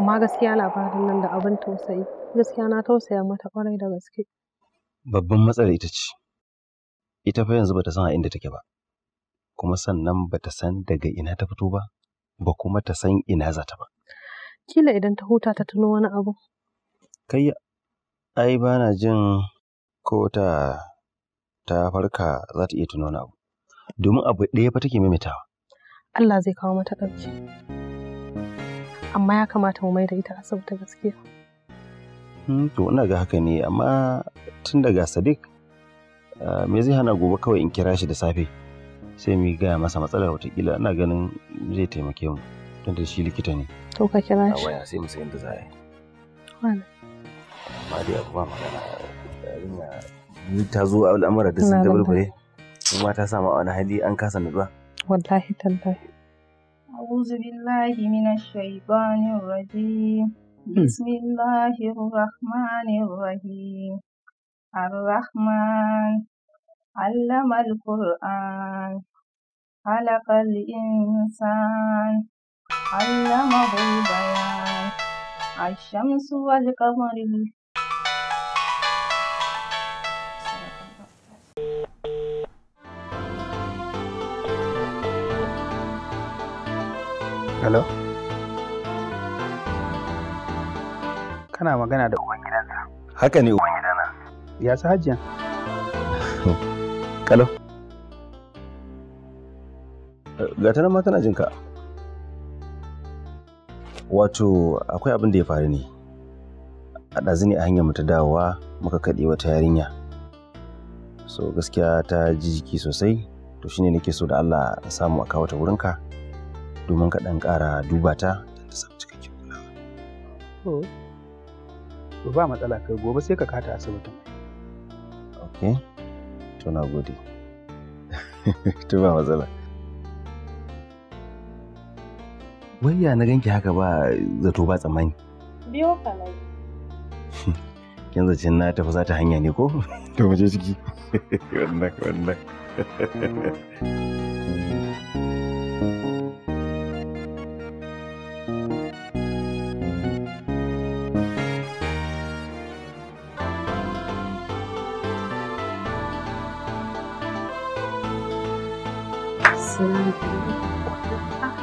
amma gaskiya labarin nan da abin tausayi gaskiya na tausaya mata kwarai da gaske babban matsala ita ce ita fa yanzu bata san a inda take ba kuma sannan bata san daga ina ta fito ba ba kuma ta san ina za ta ba kila idan ta huta ta tuno wani abu kai ai bana jin ko ta ta farka za ta iya tuno wani abu domin abu ɗaya fa take maimaitawa Allah zai kawo mata ɗauki. amma ya kamata mu mai da ita asibiti gaskiya hmm, to ina ga haka ne amma tun daga sadiq ah, me zai hana gobe kawai in kira shi da safe sai mu gaya masa matsalar watakila ina ganin zai taimake mu tun da shi likita ne to ka kira shi a waya sai mu da za a yi amma dai abu ba magana eh, ta zo al'amura da sun dabarbare kuma ta sama wani hali an kasa nutsuwa wallahi tallahi أعوذ بالله من الشيطان الرجيم بسم الله الرحمن الرحيم الرحمن علم القرآن خلق الإنسان علمه البيان الشمس والقمر Hello? Kana magana da uwan gidansa. Haka ne uwan gidana. Ya su hajiya? Hello? Gata ta ma tana jinka. Wato akwai abin da ya faru ne. A ɗazu ne a hanyar mu ta dawowa muka kaɗe wata yarinya. So gaskiya ta ji jiki sosai to shine nake so da Allah samu a kawo ta wurinka. domin ka ɗan ƙara duba ta don ta samu cikakken kulawa. To, ba matsala kai gobe sai ka kata asibitin. Ok, to na gode. to ba matsala. Wayya na ganki haka ba zato ba tsammani. Biyo ka na yanzu cin na tafi za ta hanya ne ko? To mu je ciki. Wannan wannan.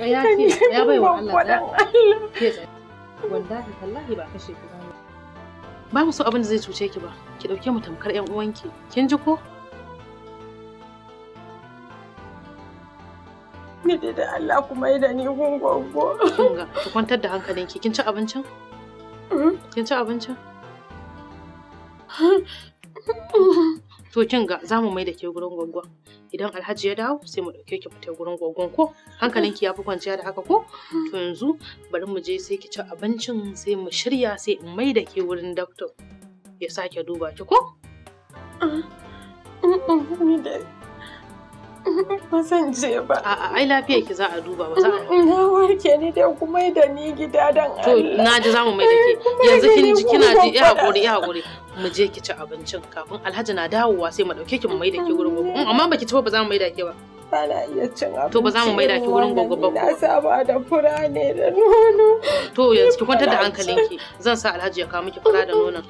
ya ce ya bai wa Allah da wallahi wallahi ba kashe ki bane ba mu so abin da zai cuce ki ba ki dauke mu tamkar yan uwanki kin ji ko Ni dai da Allah kuma yi da ni gungungo. Kinga, ki kwantar da hankalinki. Kin ci abincin? Hmm? Kin ci abincin? Hmm? To kinga ga za mu mai da ke gurin gwangwan. idan alhaji ya dawo sai mu ɗauke ki fita wurin gurin gogon ko hankalinki ya fi kwanciya da haka ko to yanzu bari mu je sai ki ci abincin sai mu shirya sai in mai da ke wurin doctor ya sake duba ki ko? Ah, Ba zan je ba. A'a ai lafiya ki za a duba ba za Na warke ni dai kuma da ni gida dan Allah. To na ji zamu mai da ke. Yanzu kin ji kina ji ya hakuri ya hakuri. Mu je ki ci abincin kafin Alhaji na dawowa sai mu dauke ki mu mai da ke gurin gobe. Mm, amma baki ci ba ba za mu mai da ke ba. Bana iya cin abinci. To ba za mu maida ki wurin gogo ba. Na saba da fura ne da nono. To yanzu ki kwantar da hankalinki. Zan sa Alhaji ya kawo miki fura da nonon.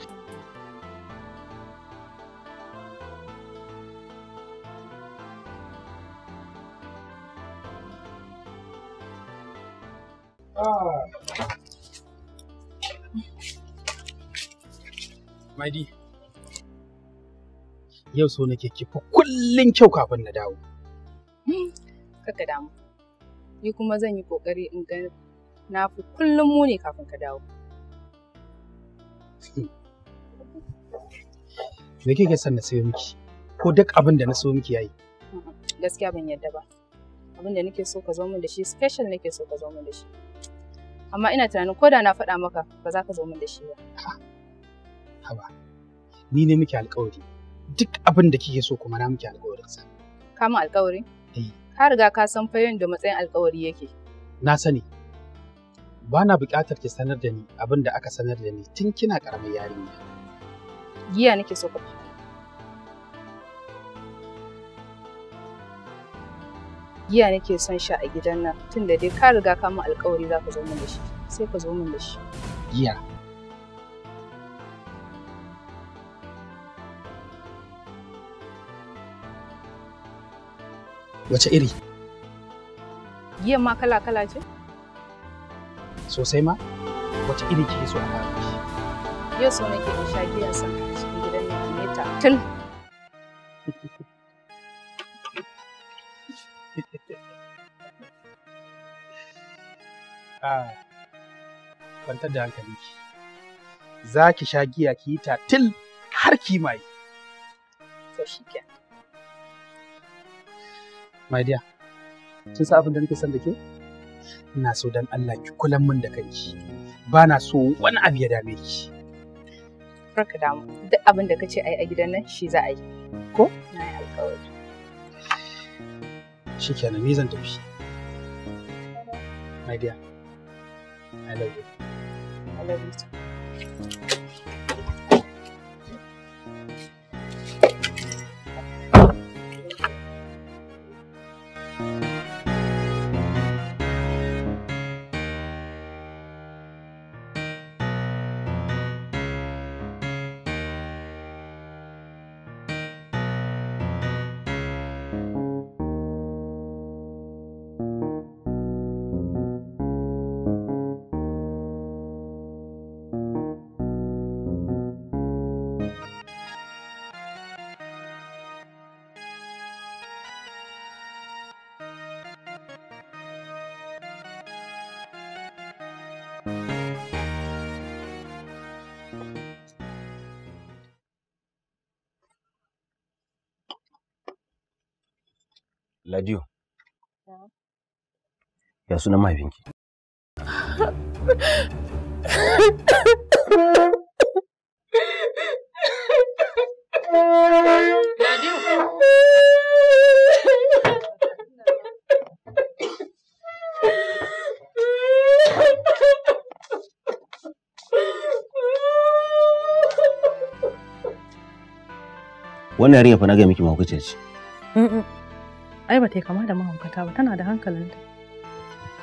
Ah. Madi, yau so nake kifa kullum kyau kafin na dawo. Hmm, Kaka damu, ni kuma zan yi ƙoƙari in ga na fi kullum muni kafin ka dawo. Me kike son na sayo miki? Ko duk abin da na sayo miki yayi? Gaskiya ban yadda ba. abin da nake so ka zo min da shi special nake so ka zo min da shi amma ina tunanin ko da na faɗa maka ba za ka zo min da shi ba haba ni ne muke alƙawari duk abin da kike so kuma na muke alƙawarin sa ka min alƙawari eh. ka riga ka san fayin da matsayin alƙawari yake na sani ba na buƙatar ki sanar da ni abin da aka sanar da ni tun kina ƙaramar yarinya giya nake so ka giya nake son sha a gidan nan da dai ka riga ka min alƙawari za ka zo min da shi sai ka zo min da shi giya wace iri giyan ma kala kala ce sosai ma wace iri kike so a kawo shi yau so nake in sha giya san cikin gidan nan ne ta tun a ah, kwantar da hankali za ki sha giya ki yi tatil har ki mai to shi ke my dear kin sa abin da nake son da ke ina so dan Allah ki kulan min da kanki ba na so wani abu ya dame ki Barka damu duk abin da kace ai a gidan nan shi za a yi ko na yi alƙawari shikenan ni zan tafi my dear i love you i Ladio. Ya sunan mahaifinki? Wannan yarinya fa na ga miki mahaukaciya ce. ai ba ta kama da mahaukata ba tana da hankalinta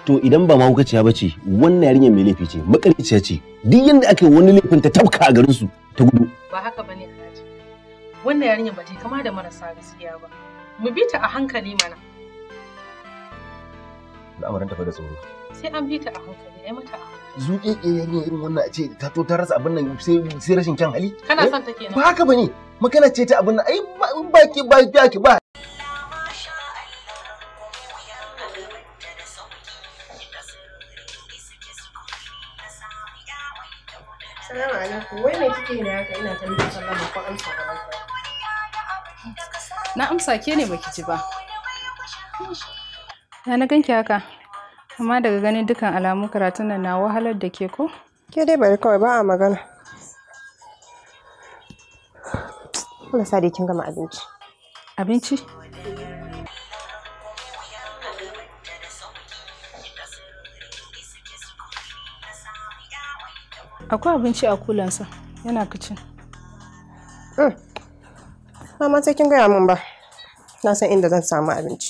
to idan ba mahaukaciya ba ce wannan yarinyar mai laifi ce makariciya ce duk yadda aka yi wani laifin ta tabka a garinsu ta gudu ba haka ba bane alhaji wannan yarinyar ba ta kama da marasa gaskiya ba mu bi ta a hankali mana al'amarin tafi da tsoro sai an bi ta a hankali ai mata a hankali zuƙe eh, ke eh, yarinya irin wannan a ce ta to ta rasa abin nan sai rashin kyan hali kana eh, son ta kenan ba haka bane Makana ce ta abin nan ai ba ki ba ki ba Salamu alaikum. Wai mai kike ne haka ina ta miki sallama ko amsa ga ɗaya. Na amsa ke ne baki ji ba. Ya na ganki haka. Amma daga ganin dukan alamu karatun nan na wahalar da ke ko? Ke dai bari kawai ba a magana. Allah sa dai kin gama abinci. Abinci? akwai abinci a kulansa yana kicin hmm. amma sai kin gaya min ba na san inda zan samu abinci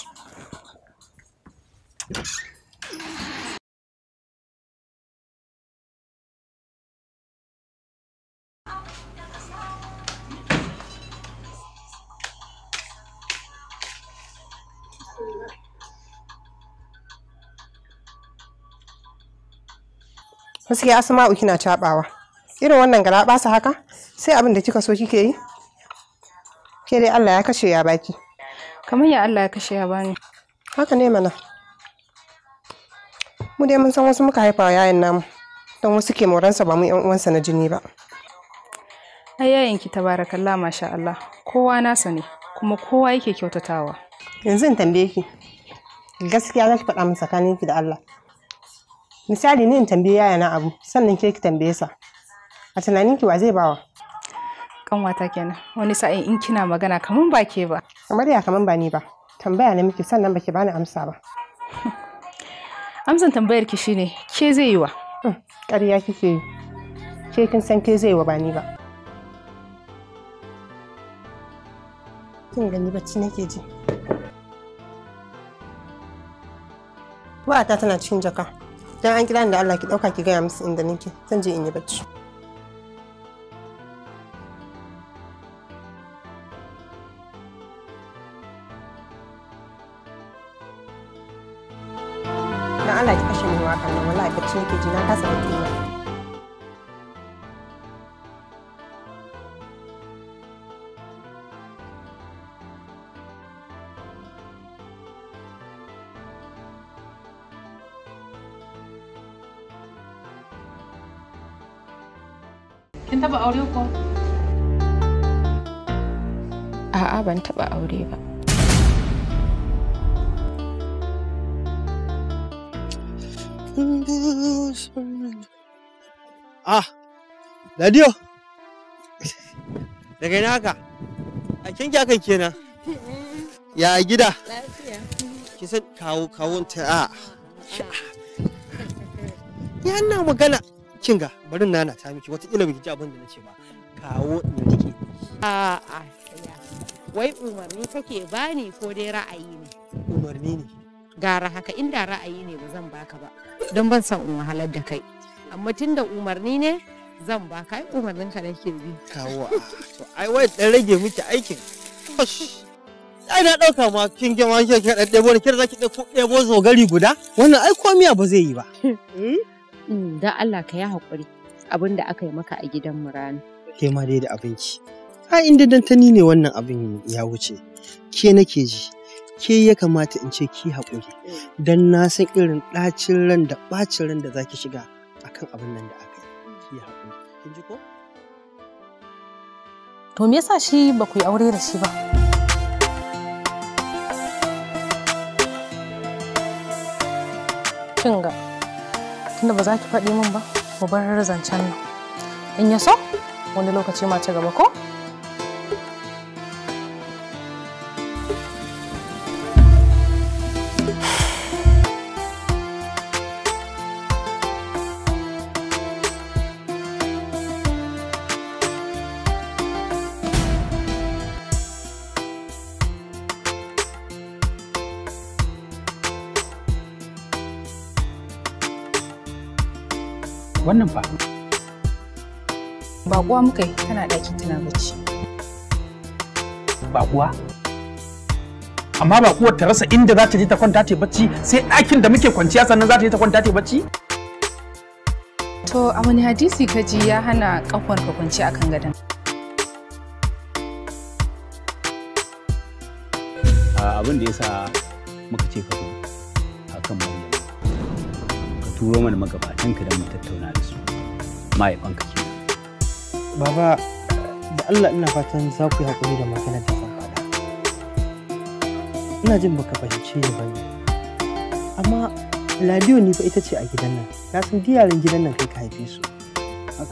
gaskiya asma'u kina cabawa irin wannan gara basa haka sai abin da kika so kike yi ke dai Allah ya kashe ya baki kamar ya Allah ya kashe ya bani haka ne mana mu dai mun san wasu muka haifa yayin namu don wasu ke moransa ba mu yan uwansa na jini ba ai yayin ki tabarakallah masha Allah kowa nasa ne kuma kowa yake kyautatawa yanzu in tambaye ki gaskiya zaki faɗa min tsakaninki da Allah misali ne in tambaye yaya na abu sannan ke ki tambaye sa a tunanin ki wa zai bawa kanwata kenan wani sa'in in kina magana kaman ba ke ba kamar ya kaman ba ni ba tambaya na miki sannan baki bani amsa ba amsan tambayar ki shine ke zai yi wa hmm, ƙarya kike yi ke kin san ke zai yi wa ba ni ba kin gani bacci nake ji ta tana cikin jaka dan an kira ni da Allah ki dauka ki gaya musu inda nake zan je in yi bacci kin taba aure ko a'a ban taba aure ba ah radio daga ina haka a kin kya kenan ya gida lafiya kawo ta a ah. ya magana kin ga bari na ta miki wataƙila ba ji abin da na ce ba kawo in a a wai umarni kake bani ko dai ra'ayi ne umarni ne gara haka inda ra'ayi ne ba zan baka ba don ban san in wahalar da kai amma tunda da umarni ne zan baka ai umarnin ka nake bi kawo to ai wai dan rage miki aikin ai na dauka ma kin ga ma kike da dabo ne kira zaki dauko zo gari guda wannan ai komiya ba zai yi ba hmm? Mm, don Allah ka yi haƙuri abin da aka yi maka a gidan mu rana. Ke ma dai da abinci. A inda dantani ne wannan abin ya wuce. Ke nake ji. Ke ya kamata in ce ki haƙuri. dan na san irin ɗacin ran da ɓacin ran da zaki shiga akan abin nan da aka yi. Ki haƙuri. Kin ji ko? To me yasa shi ba ku yi aure da shi ba? Shin ga tunda ba za ki faɗi min ba ku bar zancen nan in ya so wani lokaci ma ci gaba ko wannan fa baƙuwa muka yi tana ɗakin tana bacci baƙuwa amma baƙuwar ta rasa inda za ta je ta kwanta ta bacci sai ɗakin da muke kwanciya sannan za ta je ta kwanta ta bacci to a wani hadisi kaji ya hana ƙafwar ka kwanci akan gadon abin da ya sa muka ce ka zo kan mai turo mana magabatanka da mu tattauna da su mahaifanka ke baba da Allah ina fatan za ku yi haƙuri da maganar da zan faɗa ina jin baka fahimce ni ba amma ladiyo ni fa ita ce a gidan nan na san diyarin gidan nan kai ka haife su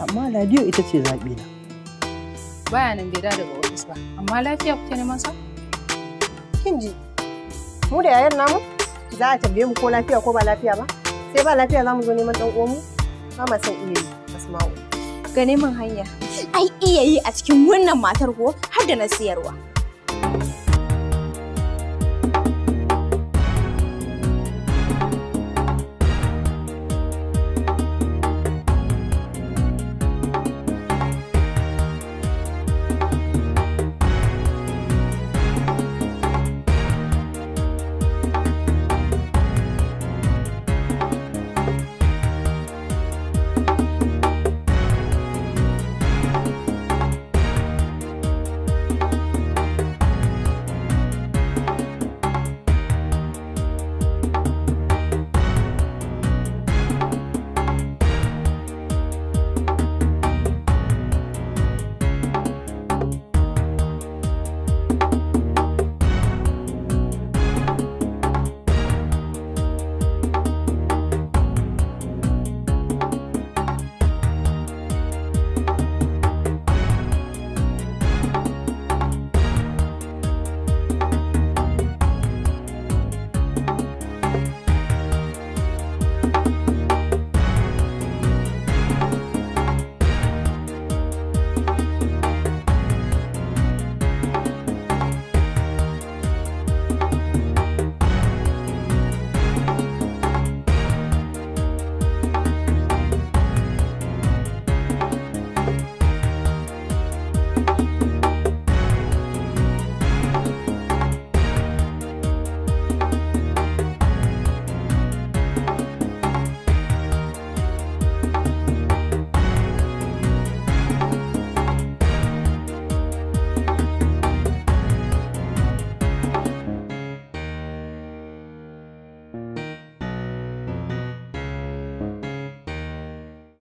amma ladiyo ita ce zaɓi na baya nan bai daga ofis ba amma lafiya kuke neman sa kin ji mu da yayan namu za a tambaye mu ko lafiya ko ba lafiya ba sai ba lafiya za mu zo neman ɗan uwanmu ba ma san iya yi asma'u ga neman hanya ai iya yi a cikin wannan matar ko har da na siyarwa